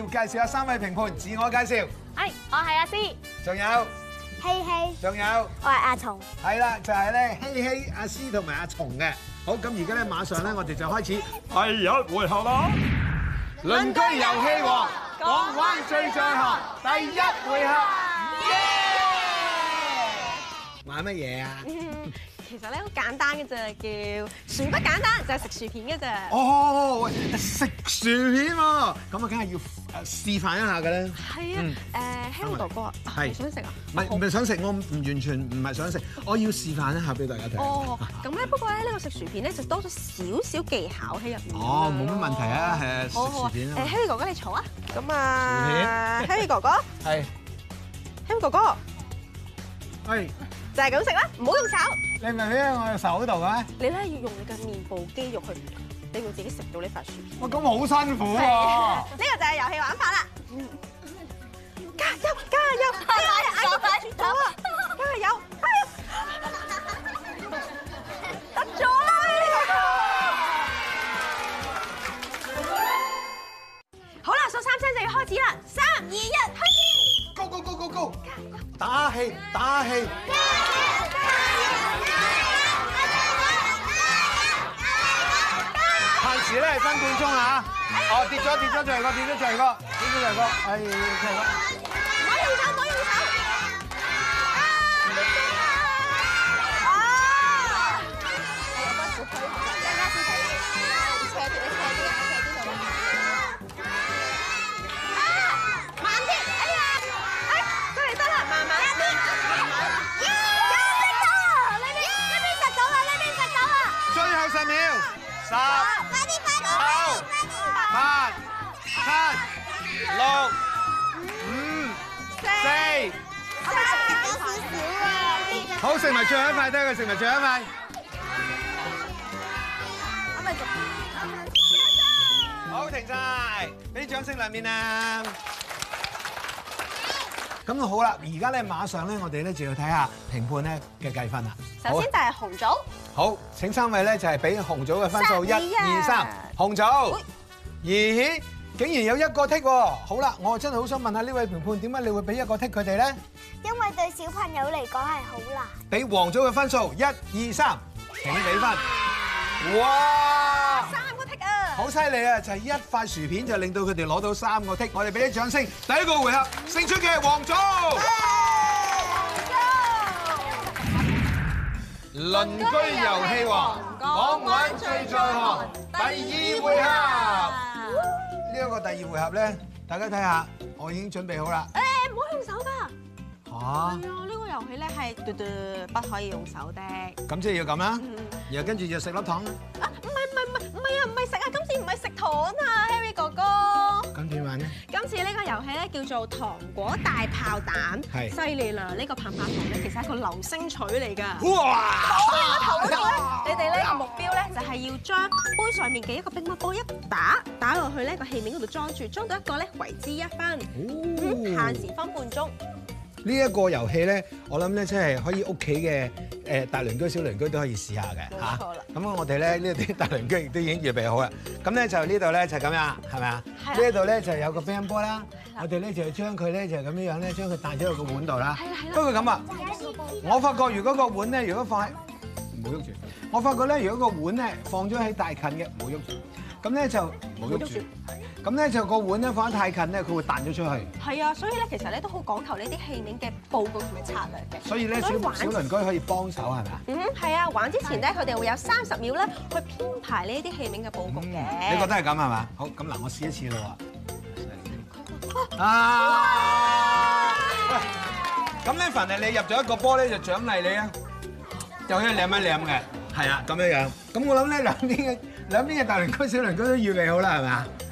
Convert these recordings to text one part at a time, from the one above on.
要介紹下三位評判自我介紹。哎，我係阿詩。仲有。希希。仲有。我係阿松。係啦，就係咧希希、阿詩同埋阿松嘅。好，咁而家咧馬上咧我哋就開始第一回合啦。鄰居遊戲，港灣最在行。第一回合。玩乜嘢啊？其實咧好簡單嘅啫，叫薯不簡單就係食薯片嘅啫。哦，食薯片啊，咁啊梗係要。示範一下嘅咧，係啊，誒 Henry 哥哥，係想食啊？唔係唔係想食，我唔完全唔係想食，我要示範一下俾大家聽。哦，咁咧不過咧呢個食薯片咧就多咗少少技巧喺入面。哦，冇乜問題啊，係薯片。誒 Henry 哥哥你坐啊，咁啊，Henry 哥哥，係，Henry 哥哥，喂，就係咁食啦，唔好用手。你唔係喺我手嗰度啊？你咧要用你嘅面部肌肉去。你要自己食到呢塊薯片，哇！咁好辛苦喎。呢個就係遊戲玩法啦。加油加油，加油加油！得咗啦！好啦，數三聲就要開始啦！三、二、一，開始！高！高！高！高！打氣！打氣！而咧係分半鐘嚇，啊哎、呀哦，跌咗跌咗長哥！跌咗長哥！跌咗長哥，係長哥。好食埋最後一塊，得佢食埋最後一塊。咁咪好，好停曬，俾啲掌聲入面啊！咁好啦，而家咧馬上咧，我哋咧就要睇下評判咧嘅計分啦。首先，第一係紅組。好，請三位咧就係俾紅組嘅分數，一、二、三。紅組二。竟然有一個剔喎，好啦，我真係好想問下呢位評判，點解你會俾一個剔佢哋咧？因為對小朋友嚟講係好難。俾王組嘅分數，一二三，請俾分。哇！三個剔啊！好犀利啊！就係一塊薯片就令到佢哋攞到三個剔，我哋俾啲掌聲。第一個回合勝出嘅係王組。鄰居遊戲王，講玩最在行。第二回合。呢個第二回合咧，大家睇下，我已經準備好啦。誒，唔好用手㗎，啊。吓，呢、這個遊戲咧係嘟嘟，不可以用手的。咁即係要咁啦，然後跟住就食粒糖。啊，唔係。唔係啊，唔係食啊，今次唔係食糖啊，Harry 哥哥。咁點玩咧？今次呢今次呢個遊戲咧叫做糖果大炮彈。係是。犀利啦！呢、呢個棒棒糖咧其實係一個流星錘嚟㗎。哇！頭一頭一個咧，啊、你哋咧個目標咧就係、是、要將杯上面嘅一個冰麥瘋一打打落去咧個器皿度裝住，裝到一個咧為之一分。哦、嗯。限時分半鐘。呢一個遊戲咧，我諗咧即係可以屋企嘅誒大鄰居、小鄰居都可以試下嘅嚇錯。咁我哋咧呢啲大鄰居亦都已經預備好啦。咁咧就呢度咧就咁樣，係咪啊？呢度咧就有個乒乓波啦。對了 我哋咧就將佢咧就咁樣樣咧將佢帶咗去個碗度啦。不過咁啊，我發覺如果個碗咧，如果放喺冇喐住，我發覺咧如果個碗咧放咗喺大近嘅冇喐住，咁咧就冇喐住。咁咧就個碗咧放得太近咧，佢會彈咗出去。係啊，所以咧其實咧都好講求呢啲器皿嘅佈局同埋策略嘅。所以咧，之小黃小鄰居可以幫手係咪？嗯，係啊。玩之前咧，佢哋會有三十秒咧去編排呢啲器皿嘅佈局嘅。你覺得係咁係嘛？好，咁嗱，我試一次咯喎。啊！喂，咁咧凡係你入咗一個波咧，就獎勵你就舔舔啊，可以舐一舐嘅，係啊，咁樣樣。咁我諗咧兩邊嘅兩邊嘅大鄰居小鄰居都預備好啦，係嘛？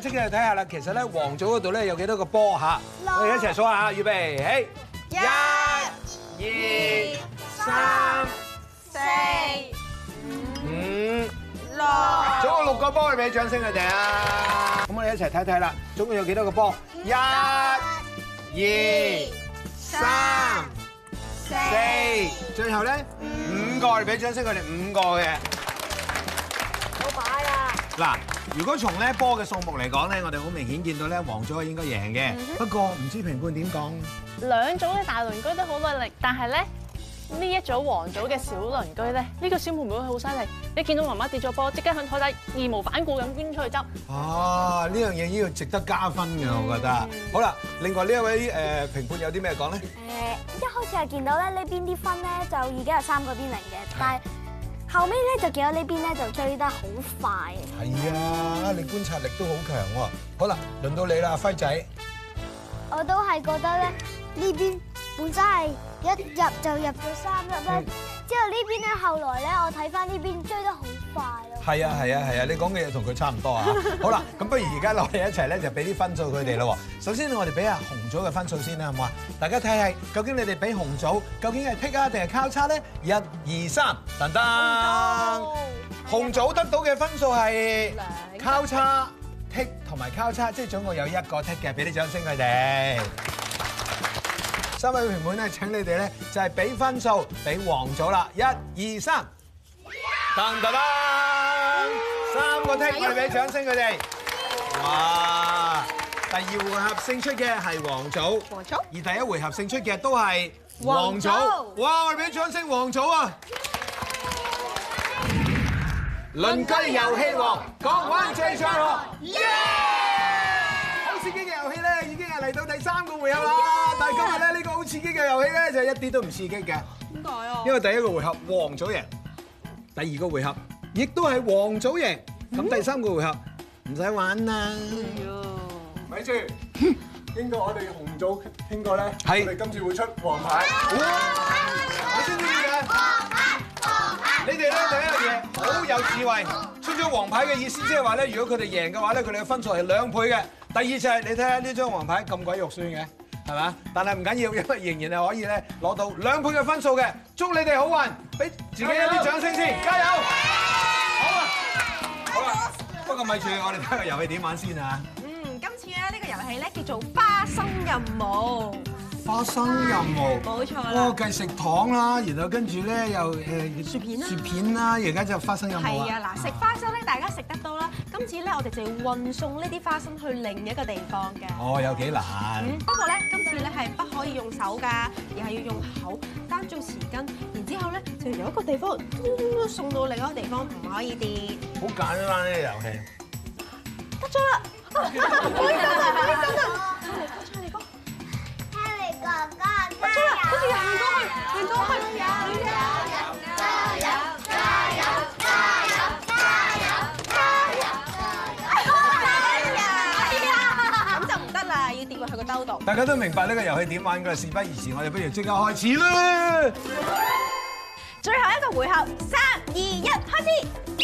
即刻去睇下啦，其實咧黃組嗰度咧有幾多個波嚇？我哋一齊數下，預備，起，一、二、三、四、五、六，總共六個波，你俾掌聲佢哋啊！咁我哋一齊睇睇啦，總共有幾多個波？一、二、三、四，最後咧五個，你俾掌聲佢哋五個嘅。好擺啊！嗱。如果從咧波嘅數目嚟講咧，我哋好明顯見到咧黃組應該贏嘅。不過唔知評判點講？兩組嘅大鄰居都好努力，但係咧呢一組黃組嘅小鄰居咧，呢個小妹妹好犀利。你見到媽媽跌咗波，即刻向台底義無反顧咁搬出去執、嗯哼啊。哦，呢樣嘢呢個值得加分嘅，我覺得。好啦，另外呢一位誒評判有啲咩講咧？誒、嗯，一開始係見到咧呢邊啲分咧就已經係三個邊嚟嘅，但係，嗯後尾咧就見到呢邊咧就追得好快。係啊，你觀察力都好強，好啦，輪到你啦，輝仔。我都係覺得咧呢邊本身係一入就入到三粒啦，之後呢邊咧後來咧我睇翻，呢邊追得好快。係啊係啊係啊！你講嘅嘢同佢差唔多啊！好啦，咁不如而家落嚟一齊咧，就俾啲分數佢哋啦。首先我哋俾下紅組嘅分數先啦，好嘛？大家睇下究竟你哋俾紅組，究竟係剔啊定係交叉咧？一、二、三，噔噔。紅組得到嘅分數係交叉剔同埋交叉，即係總共有一個剔嘅，俾啲掌聲佢哋。三位評判咧，請你哋咧就係俾分數俾黃組啦。一、二、三，噔噔噔。我聽我哋俾掌聲佢哋，哇！第二回合勝出嘅係黃祖，而第一回合勝出嘅都係黃祖。哇！我哋俾掌聲黃祖啊！鄰居遊戲王，港灣最佳。好刺激嘅遊戲咧，已經係嚟到第三個回合啦。但係今日咧呢個好刺激嘅遊戲咧，就係一啲都唔刺激嘅。點解啊？因為第一個回合黃祖贏，第二個回合亦都係黃祖贏。咁第三個回合唔使玩啦，咪住，應該我哋紅組傾過咧，係，我哋今次會出黃牌，我先知嘅，黃牌，黃牌。你哋咧第一樣嘢好有智慧，出咗黃牌嘅意思即係話咧，如果佢哋贏嘅話咧，佢哋嘅分數係兩倍嘅。第二就係你睇下呢張黃牌咁鬼肉酸嘅，係嘛？但係唔緊要，因為仍然係可以咧攞到兩倍嘅分數嘅。祝你哋好運，俾自己一啲掌聲先，加油！不過咪住，我哋睇下個遊戲點玩先啊！嗯，今次咧呢個遊戲咧叫做花生任務。花生任務，冇錯啦。我計食糖啦，然後跟住咧又誒薯片啦，薯片啦，而家就花生任務啊！係啊，嗱，食花生咧，大家食得到啦。今次咧，我哋就要運送呢啲花生去另一個地方嘅。哦，有幾難。不過咧，今次咧係不可以用手㗎，而係要用口，攤做匙羹，然之後咧就由一個地方送到另一個地方，唔可以跌。好簡單呢個遊戲，得咗啦！啊，唔好心動，唔好心動。嚟哥，李哥，李哥，加油！得咗啦，好似人多咪，人多係咪有？加油！加油！加油！加油！加油！係啊係啊，咁就唔得啦，要跌落去個兜度。大家都明白呢個遊戲點玩噶啦，事不宜遲，我哋不如即刻開始啦！最後一個回合，三二一，開始！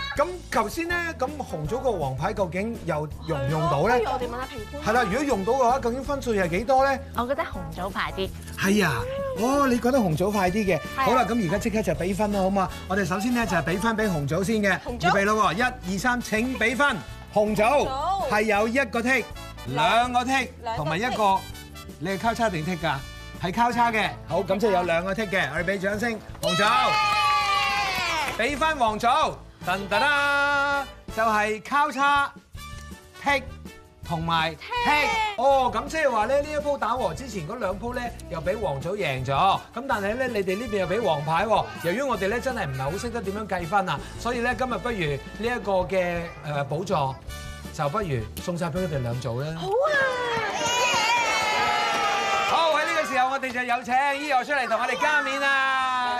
咁頭先咧，咁紅組個黃牌究竟又用唔用到咧？不如我哋問下評判。係啦，如果用到嘅話，究竟分數係幾多咧？我覺得紅組快啲。係啊，哦，你覺得紅組快啲嘅。係。好啦，咁而家即刻就俾分啦，好嘛？我哋首先咧就係俾翻俾紅組先嘅，預備啦喎，一二三，請俾分。紅組係有一個 tick，兩個 tick，同埋一個，你係交叉定 tick 㗎？係交叉嘅。好，咁即係有兩個 tick 嘅，我哋俾掌聲，紅組，俾翻黃組。噔噔啦，就係交叉踢同埋踢哦，咁即係話咧，呢一鋪打和，之前嗰兩鋪咧又俾黃組贏咗，咁但係咧你哋呢邊又俾黃牌，由於我哋咧真係唔係好識得點樣計分啊，所以咧今日不如呢一個嘅誒寶座就不如送晒俾佢哋兩組啦。好啊！好，喺呢個時候，我哋就有請依個出嚟同我哋加冕啊！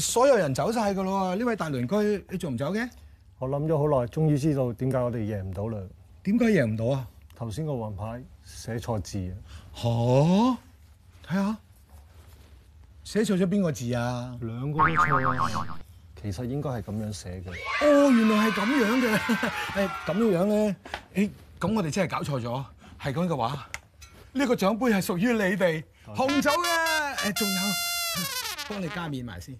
所有人走晒噶咯喎，呢位大鄰居你仲唔走嘅？我諗咗好耐，終於知道點解我哋贏唔到啦。點解贏唔到啊？頭先個黃牌寫錯字啊！吓，係啊，寫錯咗邊個字啊？兩個都錯，其實應該係咁樣寫嘅。哦，原來係咁樣嘅，誒咁嘅樣咧，誒咁我哋真係搞錯咗。係咁嘅話，呢個獎杯係屬於你哋紅酒嘅，誒仲有，幫你加面埋先。